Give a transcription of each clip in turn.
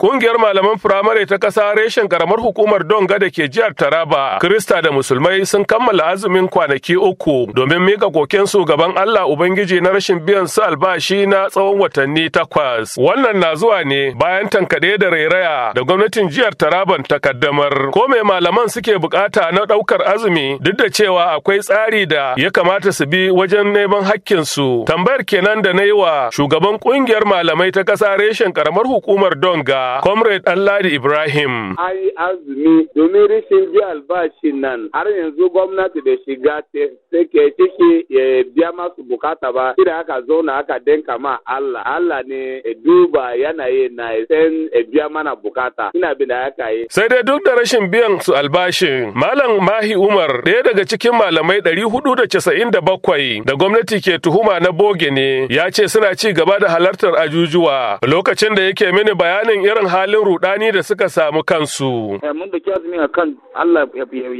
Kungiyar malaman firamare ta ƙasa reshen karamar hukumar Donga da ke jihar Taraba, Krista da Musulmai sun kammala azumin kwanaki uku domin mika kokensu gaban Allah Ubangiji na rashin biyan su albashi na tsawon watanni takwas. Wannan na zuwa ne bayan tankaɗe da rairaya da gwamnatin jihar Taraban ta kaddamar. Ko mai malaman suke bukata na ɗaukar azumi duk da cewa akwai tsari da ya kamata su bi wajen neman hakkinsu. Tambayar kenan da na yi wa shugaban kungiyar malamai ta ƙasa reshen karamar hukumar Donga Comrade Ɗanladi Ibrahim. yi azumi domin rishin ji albashi nan har yanzu gwamnati da shiga take ciki ya biya masu bukata ba. Shi aka zauna aka danka ma Allah. Allah ne duba yanayi na ya san ya biya mana bukata. Ina bin da aka yi. Sai dai duk da rashin biyan su albashin, Malam Mahi Umar ɗaya daga cikin malamai ɗari hudu da casa'in da bakwai da gwamnati ke tuhuma na boge ne ya ce suna ci gaba da halartar ajujuwa lokacin da yake mini bayanin irin irin halin rudani da suka samu kansu. Eh, mun da kyazumi a kan Allah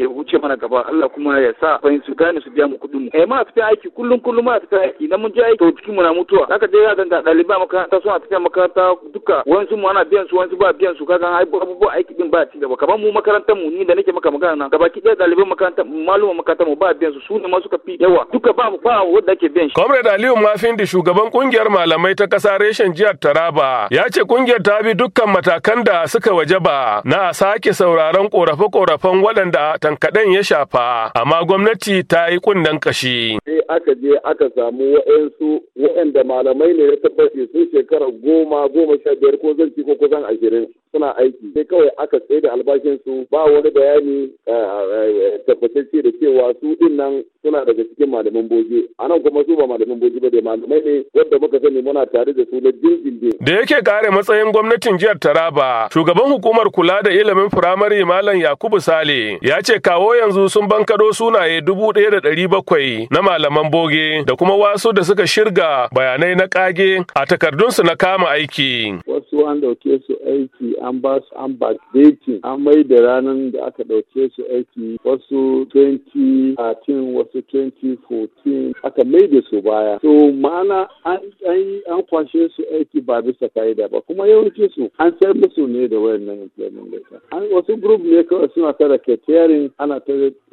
ya wuce mana gaba Allah kuma ya sa fahim su gane su biya mu kudin mu. Eh ma fita aiki kullum kullum ma fita aiki na mun je aiki to cikin mu na mutuwa. Zaka je ya ganga ɗaliba makaranta a fita makaranta duka wasu mu ana biyan su wasu ba biyan su kaga abubuwa aiki din ba ci gaba. Kamar mu makarantar mu ni da nake maka magana na gaba ki ɗaya ɗaliban makarantar malumin makaranta mu ba biyan su su ne ma suka fi yawa duka ba ba wanda ke biyan shi. Comrade Aliyu Mafindi shugaban kungiyar malamai ta kasa reshen jihar Taraba ya ce kungiyar ta bi dukkan kan matakan da suka wajaba na sake sauraron ƙorafe-ƙorafen waɗanda tankaɗen ya shafa, amma gwamnati ta yi kundan kashi. Sai aka je aka samu waɗansu waɗanda malamai ne ya tabbace sun shekara goma goma sha biyar ko zan ci ko kusan ashirin suna aiki sai kawai aka tsaye da albashinsu ba wani bayani eh, eh, eh, tabbatacce da cewa su din nan suna daga cikin malaman boje nan kuma su ba malaman boje ba da malamai ne wanda muka sani muna tare da su na dindindin. da yake kare matsayin gwamnatin jihar taraba shugaban hukumar kula da ilimin firamare malam yakubu sale ya ce kawo yanzu sun bankado sunaye dubu ɗaya da ɗari bakwai na malaman boge da kuma wasu da suka shirga bayanai na ƙage a takardunsu na kama aiki. su an ɗauke su aiki an ba su an backdating an mai da ranar da aka ɗauke su aiki wasu 2013 wasu 2014 aka mai da su baya. To ma'ana an an kwashe su aiki ba bisa ka'ida ba kuma yawanci su an sayar musu ne da wayannan employment letter. wasu group ne kawai suna kada keterin ana ta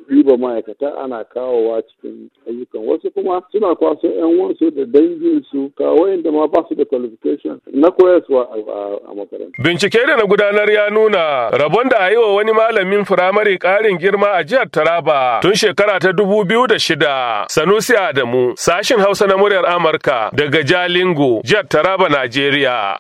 riba ma'aikata ana kawowa cikin ayyukan wasu kuma suna kwaso yan wasu da dangin su kawai ma ba su da qualification na koyarwa a makaranta. Bincike da na gudanar ya nuna rabon da a yi wa wani malamin firamare ƙarin girma a jihar Taraba tun shekara ta dubu biyu da shida. Sanusi Adamu, sashin Hausa na muryar Amurka daga Jalingo, jihar Taraba, Najeriya.